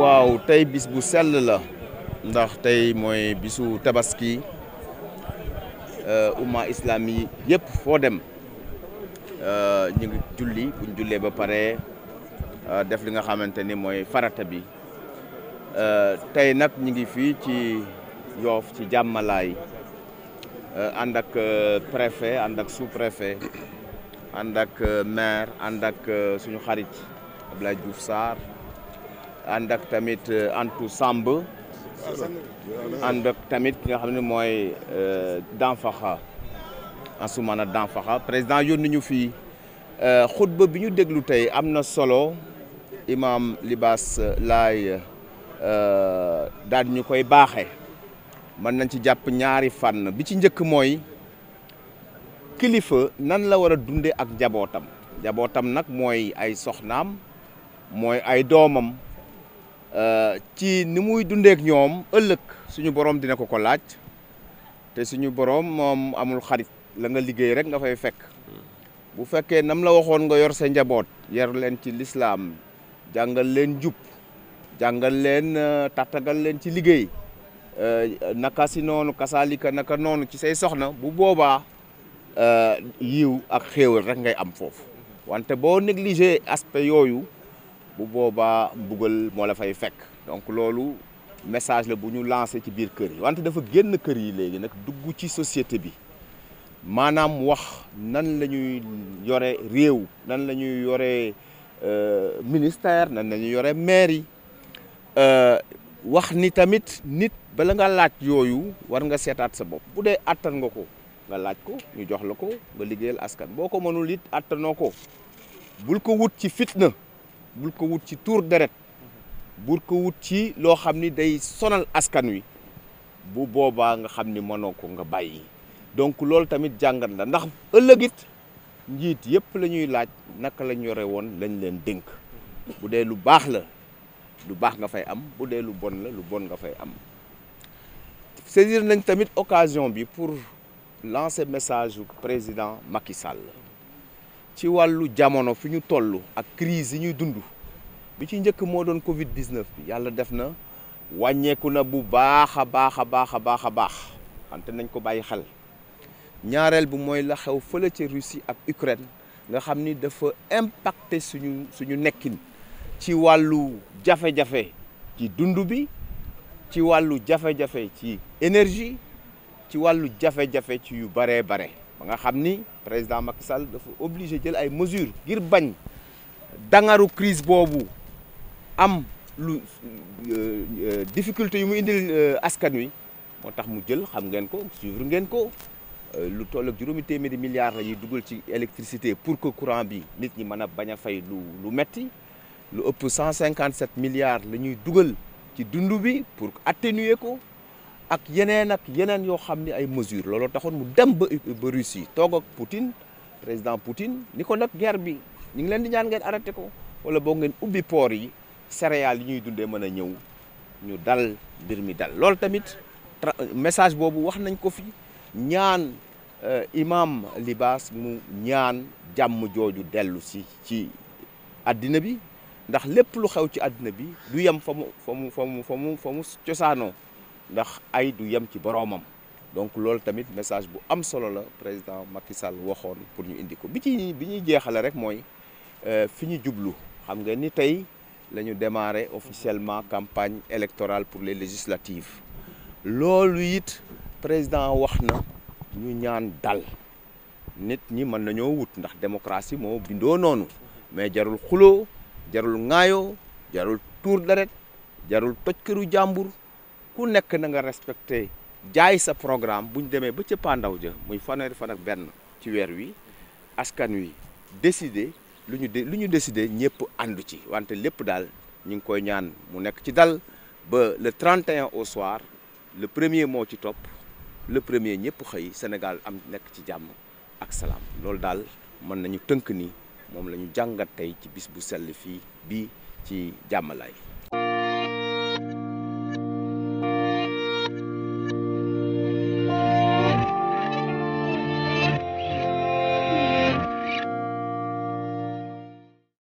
waaw tey bis bu sell la ndax tey mooy bisu tabaski euh, umma islam yi yëpp foo dem euh, ñu ngi julli buñ jullee ba pare euh, def li nga xamante ni mooy farata bi tey nag ñu ngi fii ci yoof ci jàmmalaay ànd ak préfet ànd ak sous-préfet ànd ak maire ànd ak suñu xarit Abdoulaye Diouf Sarr ànd ak tamit euh, antu Samb ànd ak tamit ki nga xam ne mooy euh, Danfaxa Ansoumana Danfaxa président yónni ñu fii euh, xutba bi ñu déglu tey am na solo imaam Libaas lay daal di ñu koy baaxe mën nañ ci jàpp ñaari fànn bi ci njëkk mooy kilifa nan la war a dundee ak njabootam njabootam nag mooy ay soxnaam mooy ay doomam ci ni muy dundeek ñoom ëllëg suñu borom dina ko ko laaj te suñu boroom moom amul xarit la nga liggéey rek nga fay fekk bu fekkee nam la waxoon nga yor sa njaboot yar leen ci lislaam jàngal leen jub jàngal leen euh, tàttagal leen ci liggéey euh, naka si noonu kasalika naka noonu ci say soxna bu boobaa euh, yiw ak xéewal rek ngay am foofu wante boo négligé aspect yooyu bu boobaa mbugal moo la fay fekk donc loolu message la bu ñu lancé ci biir kër yi wante dafa génn kër yi léegi nag dugg ci société bi maanaam wax nan la ñuy yore réew nan la ñuy yore euh, ministère nan la ñuy yore maire yi euh, wax ni tamit nit bala nga laaj yooyu war nga seetaat sa bopp bu dee attan nga ko nga laaj ko ñu jox la ko nga liggéeyal askan boo ko mënul it attanoo ko bul ko wut ci fitna. bul ko wut ci tuur deret bul ko wut ci loo xam ni day sonal askan wi bu boobaa nga xam ni mënoo ko nga bàyyi donc loolu tamit jàngat la ndax ëllëg it njiit yëpp lañuy laaj naka lañ yore woon lañ leen dénk bu dee lu baax la lu baax nga fay am bu dee lu bon la lu bon nga fay am saisir nañ tamit occasion bi pour lancer message au président Macky Sall ci wàllu jamono fi ñu tollu ak crise yi ñuy dund bi ci njëkk moo doon Covid 19 bi yàlla def na wàññeeku na bu baax a baax a baax a baax a baax wante nañ ko bàyyi xel ñaareel bi mooy la xew fële ca Russie ak Ukraine nga xam ni dafa impacté suñu suñu nekkin ci wàllu jafe-jafe ci dund bi ci wàllu jafe-jafe ci énergie ci wàllu jafe-jafe ci yu baree bare ba nga xam ni président Macky Sall dafa obligé jël ay mesures ngir bañ dangaru crise boobu am lu euh, euh, difficulté yu mu indil euh, askan wi moo tax mu jël xam ngeen ko suivre ngeen ko lu toll ak juróomi téeméeri milliards la ñuy dugal ci électricité pour que courant bi nit ñi mën a bañ a fay lu lu metti lu ëpp 157 milliards la ñuy dugal ci dund bi pour atténuer ko ak yeneen ak yeneen yoo xam ni ay mesures looloo taxoon mu dem ba ba Russie toog ak Poutine président Poutine ni ko nag guerre bi ñu ngi leen di ñaan ngeen arrêté ko wala boo ngeen ubbi poor yi céréales yi ñuy dundee mën a ñëw ñu dal mbir mi dal loolu tamit message boobu wax nañ ko fi ñaan euh, imam Libaas mu ñaan jàmm jooju dellu si ci addina bi ndax lépp lu xew ci àddina bi du yem fa mu fa mu fa mu fa mu fa cosaanoo ndax ay du yem ci boroomam donc loolu tamit message bu am solo la président Macky Sall waxoon pour ñu indi ko bi ci bi ñuy jeexale rek mooy euh, fi ñu jublu xam nga ni tey la ñu démarré officiellement campagne électorale pour les législatives loolu it président wax na ñu ñaan dal nit ñi mën nañoo wut ndax démocratie moo bindoo noonu mais jarul xuloo jarul ŋaayoo jarul tour deret jarul toj këru jàmbur ku nekk na nga respecté jaay sa programme bu ñu demee ba ca pandaw ja muy fanweeri fan ak benn ci weer wi askan wi décider lu ñu de lu ñu décider ñëpp àndu ci wante lépp daal ñu ngi koy ñaan mu nekk ci dal ba le 31 au soir le premier moo ci topp le premier ñëpp xëy Sénégal am nekk ci jàmm ak salaam loolu daal mën nañu tënk ni moom la ñu jàngat tey ci bis bu sell fii bii ci jàmmalaay